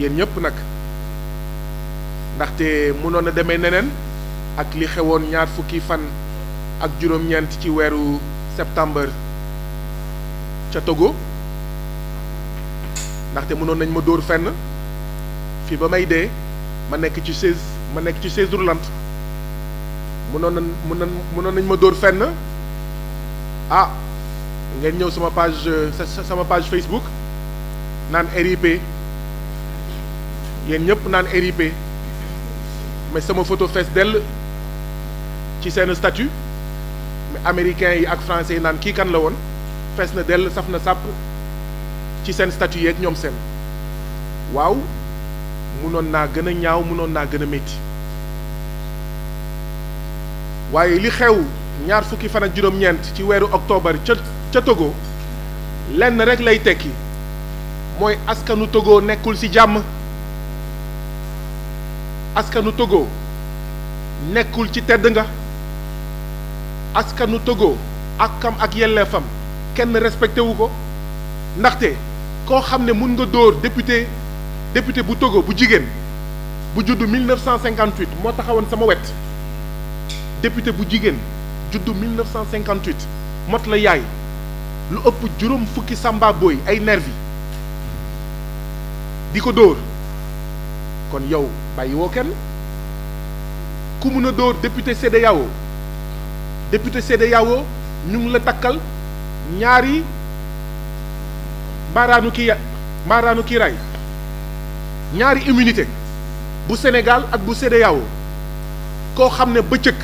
yéen ñëpp nag ndaxte mënoon a demee neneen ak li xewoon ñaar fukki fan ak juróom-ñeent ci weeru septembre ca Togo ndaxte mënoon nañ ma dóor fenn fii ba may dee ma nekk ci chaise ma nekk ci chaise roulante mënoon nañ mënoon mënoon nañ ma dóor fenn ah ngeen ñëw sama page sama page Facebook naan RIP yéen ñëpp naan RIP mais sama photo fees dell ci seen statut mais américains yi ak français yi naan kii kan la woon fees na dell saf na sàpp ci seen statut yeeg ñoom seen waaw munoon naa gën a ñaaw mënoon naa gën a métti waaye li xew ñaar fukki fan ak ci weeru octobre ca ca Togo lenn rek lay tekki mooy askanu Togo nekkul ci jàmm askanu Togo nekkul ci tedd nga askanu Togo ak kam ak yelleefam kenn respecté wu ko ndaxte koo xam ne mun nga dóor député député bu Togo bu jigéen bu judd 1958 moo taxawoon sama wet député bu jigéen judd 1958 mot la yaay lu ëpp juróom fukki samba booy ay nervi di ko dóor kon yow bàyyiwoo kenn ku mun a dóor député CEDEAO député CEDEAO ñu ngi la takkal ñaari maaraanu kii maaraanu kiiraay ñaari immunité bu Sénégal ak bu CEDEAO koo xam ne bëccëg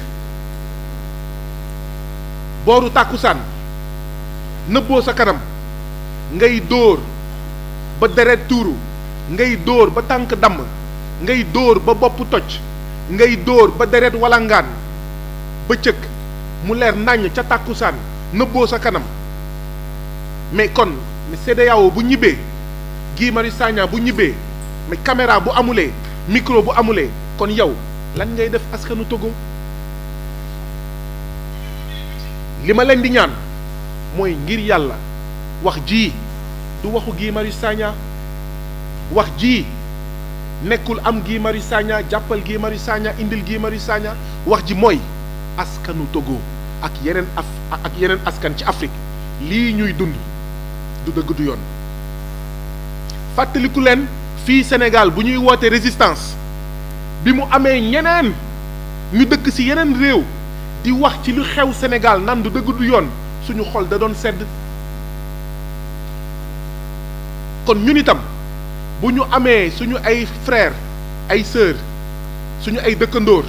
booru tàkkusaan nëbboo sa kanam ngay dóor ba deret tuuru ngay dóor ba tànk damm ngay dóor ba bopp toj ngay dóor ba deret ba bëccëg mu leer nàññ ca tàkkusaan nëbboo sa kanam mais kon CEDEAO bu ñibbee Guy Marius Sagna bu ñibbee mais caméra bu amulee micro bu amulee kon yow lañ ngay def askanu Togo li ma leen di ñaan mooy ngir yàlla wax ji du waxu Guy Marius wax ji nekkul am gii Marius Sagna jàppal Guy Marius Sagna indil gii Marius Sagna wax ji mooy askanu Togo ak yeneen af ak yeneen askan ci Afrique lii ñuy dund du dëgg du yoon fàttaliku leen fii senegal bu ñuy woote résistance bi mu amee ñeneen ñu dëkk ci yeneen réew di wax ci lu xew senegal nan du dëgg du yoon suñu xol da doon sedd kon ñun itam bu ñu amee suñu ay frères ay sœurs suñu ay dëkkandoor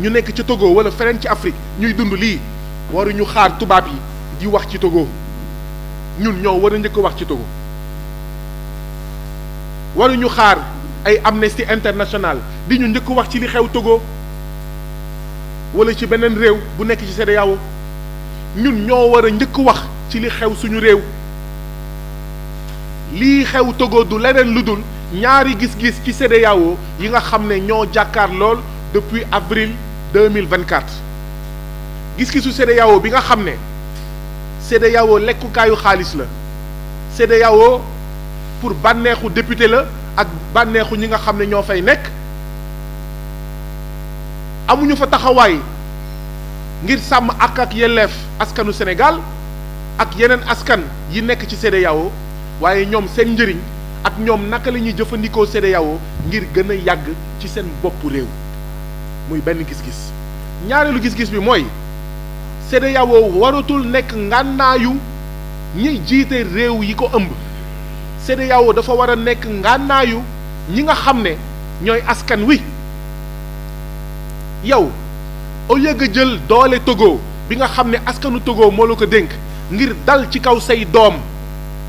ñu nekk ci Togo wala feneen ci Afrique ñuy dund lii waruñu xaar tubaab yi di wax ci Togo ñun ñoo wara njëkk wax ci Togo waruñu xaar ay Amnesty International di njëkk wax ci li xew Togo wala ci beneen réew bu nekk ci CEDEAO ñun ñoo war a njëkk wax ci li xew suñu réew lii xew Togo du leneen lu dul ñaari gis-gis ci CEDEAO yi nga xam ne ñoo jàkkaar lool depuis avril deux mille vingt quatre gis-gisu CEDEAO bi nga xam ne CEDEAO lekkukaayu xaalis la CEDEAO pour bànneexu député la ak bànneexu ñi nga xam ne ñoo fay nekk amuñu fa taxawaay ngir sàmm ak ak yelleef askanu Sénégal ak yeneen askan yi nekk ci CEDEAO waaye ñoom seen njëriñ ak ñoom naka lañuy ñuy jëfandikoo CEDEAO ngir gën yàgg ci seen bopp réew muy benn gis-gis ñaareelu gis-gis bi mooy CEDEAO waratul nekk ngànnaayu ñi jiite réew yi ko ëmb CEDEAO dafa war a nekk ngànnaayu ñi nga xam ne ñooy askan wi yow au lieu nga jël doole Togo bi nga xam ne askanu Togo moo la ko dénk ngir dal ci kaw say doom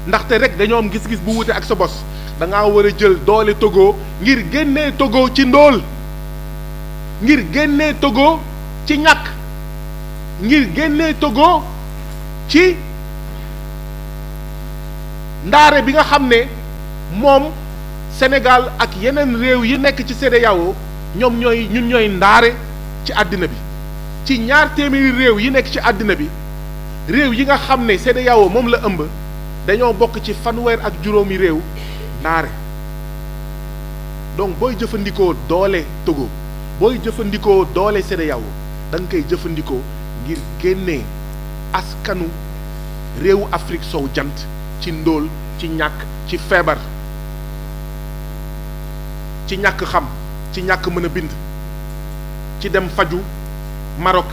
ndaxte rek dañoo am gis-gis bu wute ak sa bos danga war a jël doole Togo ngir génnee Togo ci ndóol ngir génnee Togo ci ñàkk ngir génnee Togo ci ndaare bi nga xam ne moom senegal ak yeneen réew yi nekk ci CEDEAO ñoom ñooy ñun ñooy ndaare ci àddina bi ci ñaar téeméeri réew yi nekk ci àddina bi réew yi nga xam ne CEDEAO moom la ëmb dañoo bokk ci fanweer ak juróomi réew ndaare donc booy jëfandikoo doole Togo booy jëfandikoo doole CEDEAO da nga koy jëfandikoo ngir génnee askanu réewu Afrique sow jant ci ndóol ci ñàkk ci feebar ci ñàkk xam ci ñàkk mën a bind ci dem faju Maroc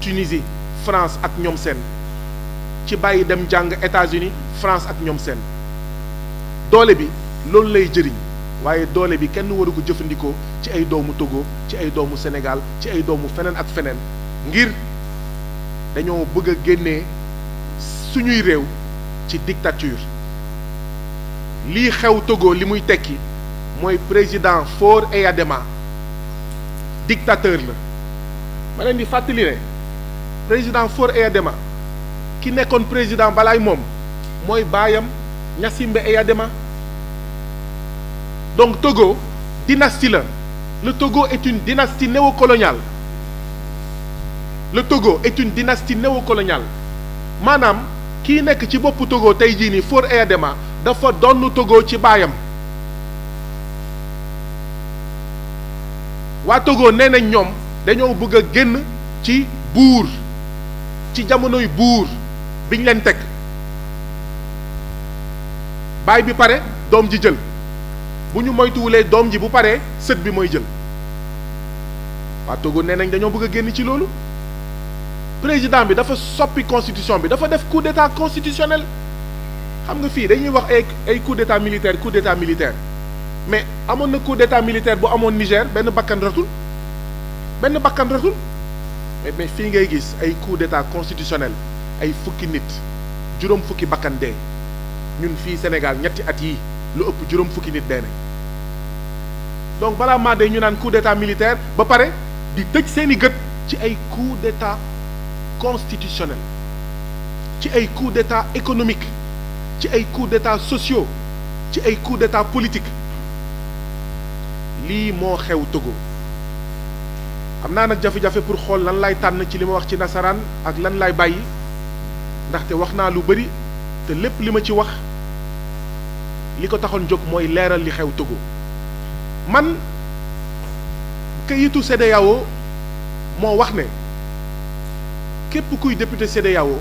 Tunisie France ak ñoom seen ci bàyyi dem jàng États-Unis France ak ñoom seen doole bi loolu lay jëriñ waaye doole bi kenn waru ko jëfandikoo ci ay doomu Togo ci ay doomu Sénégal ci ay doomu feneen ak feneen ngir dañoo bëgg a génnee suñuy réew ci dictature lii xew Togo li muy tekki mooy président Faure Eyadema dictateur la ma leen di fàttali ne président Faure Eyadema ki nekkoon président balaay moom mooy baayam Gnassingbé Eyadéma donc Togo dynastie la le Togo est une dynastie néocoloniale la Togo est une dynastie néocoloniale maanaam kii nekk ci boppu Togo tey jii nii Faure Eyadéma dafa donn Togo ci baayam waa Togo nee nañ ñoom dañoo bëgg a génn ci buur ci jamonoy buur biñ leen teg baay bi pare doom ji jël bu ñu moytuwulee doom ji bu paree sët bi mooy jël waa Togo nee nañ dañoo bëgg a génn ci loolu président bi dafa soppi constitution bi dafa def coup d'état constitutionnel xam nga fii dañuy wax ay ay coup d'état militaire coup d'état militaire mais amoon na coup d'état militaire bu amoon Niger benn bakkan ratul benn bakkan ratul mais mais fii ngay gis ay coup d'état constitutionnel ay fukki nit juróom fukki bakkan dee ñun fii Sénégal ñetti at yi lu ëpp juróom fukki nit dee nañ donc balaa maa dee ñu naan coup d'état militaire ba pare di tëj seeni gët ci ay coup d'état constitutionnel ci ay coup d'état économique ci ay coup d'état sociaux ci ay coup d'état politique lii moo xew Togo am naa nag jafe-jafe pour xool lan lay tànn ci li wax ci nasaraan ak lan lay bàyyi ndaxte wax naa lu bari te lépp li ma ci wax li ko taxoon jóg mooy leeral li xew Togo man këyitu CEDEAO moo wax ne képp kuy député CEDEAO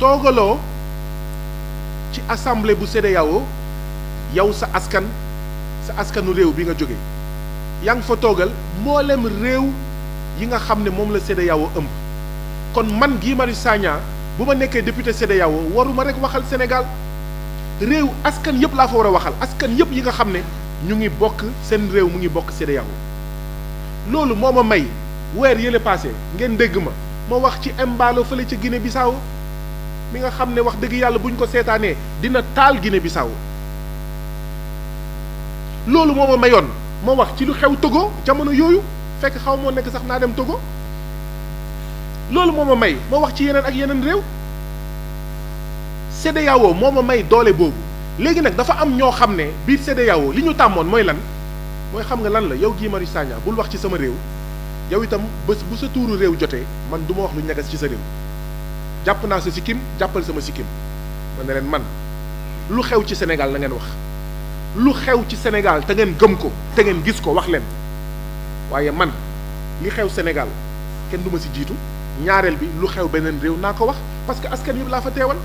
toogaloo ci assemblée bu CEDEAO yow sa askan sa askanu réew bi nga jóge yaa ngi fa toogal mboolem réew yi nga xam ne moom la CEDEAO ëmb kon man Guy Marius Sagna bu ma nekkee député CEDEAO waruma rekk waxal Sénégal réew askan yëpp laa fa war a waxal askan yëpp yi nga xam ne ñu ngi bokk seen réew mu ngi bokk CEDEAO loolu moo ma may weer yële passé ngeen dégg ma ma wax ci Embalo fële ca Guinée Bissau mi nga xam ne wax dëgg yàlla bu ñu ko seetaanee dina taal Guinée Bissau loolu moo ma mayoon ma wax ci lu xew Togo jamono yooyu fekk xaw moo nekk sax naa dem Togo loolu moo ma may ma wax ci yeneen ak yeneen réew CEDEAO moo ma may doole boobu léegi nag dafa am ñoo xam ne biir CEDEAO li ñu tàmmoon mooy lan mooy xam nga lan la yow Guy Marius Sagna bul wax ci sama réew yow itam bés bu sa tuuru réew jotee man du ma wax lu ñagas ci sa réew jàpp naa sa sikkim jàppale sama sikkim ma ne leen man lu xew ci Sénégal na ngeen wax lu xew ci Sénégal te ngeen gëm ko te ngeen gis ko wax leen waaye man li xew Sénégal kenn du ma si jiitu ñaareel bi lu xew beneen réew naa ko wax parce que askan yëpp laa fa teewal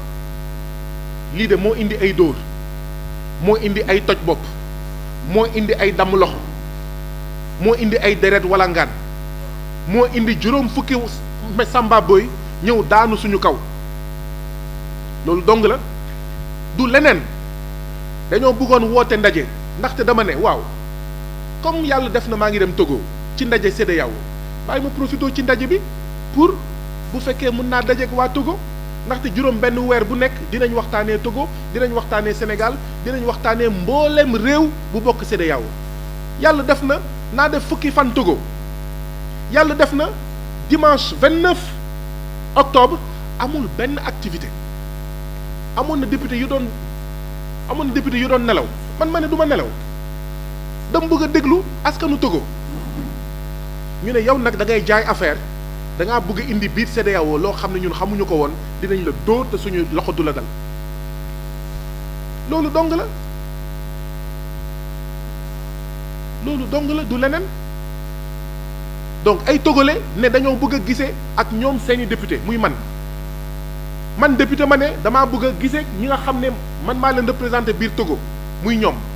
lii de moo indi ay dóor moo indi ay toj bopp moo indi ay damm loxo moo indi ay deret wala ngan moo indi juróom fukki samba boy ñëw daanu suñu kaw loolu dong la du leneen dañoo bëggoon woote ndaje ndaxte dama ne waaw comme yàlla def na maa ngi dem Togo ci ndaje sedd CEDEAO bàyyi ma profité ci ndaje bi pour bu fekkee mun naa dajeeg waa Togo ndaxte juróom benn weer bu nekk dinañ waxtaanee Togo dinañ waxtaanee senegal dinañ waxtaanee mbooleem réew bu bokk CEDEAO yàlla def na naa def fukki fan Togo yàlla def na dimanche vingt neuf octobre amul benn activité amoon na député yu doon amoon na député yu doon nelaw man ma ne du ma nelaw dama bëgg a déglu askanu Togo ñu ne yow nag da ngay jaay affaire. da ngaa bëgg a indi biir CEDEAO loo xam ne ñun xamuñu ko woon dinañ la dóor te suñu loxo du la dal loolu dong la loolu dong la du leneen donc ay togolais ne dañoo bëgg a gisee ak ñoom seeni député muy man man deputé ma ne damaa bëgg a gisee ñi nga xam ne man maa leen représenté biir Togo muy ñoom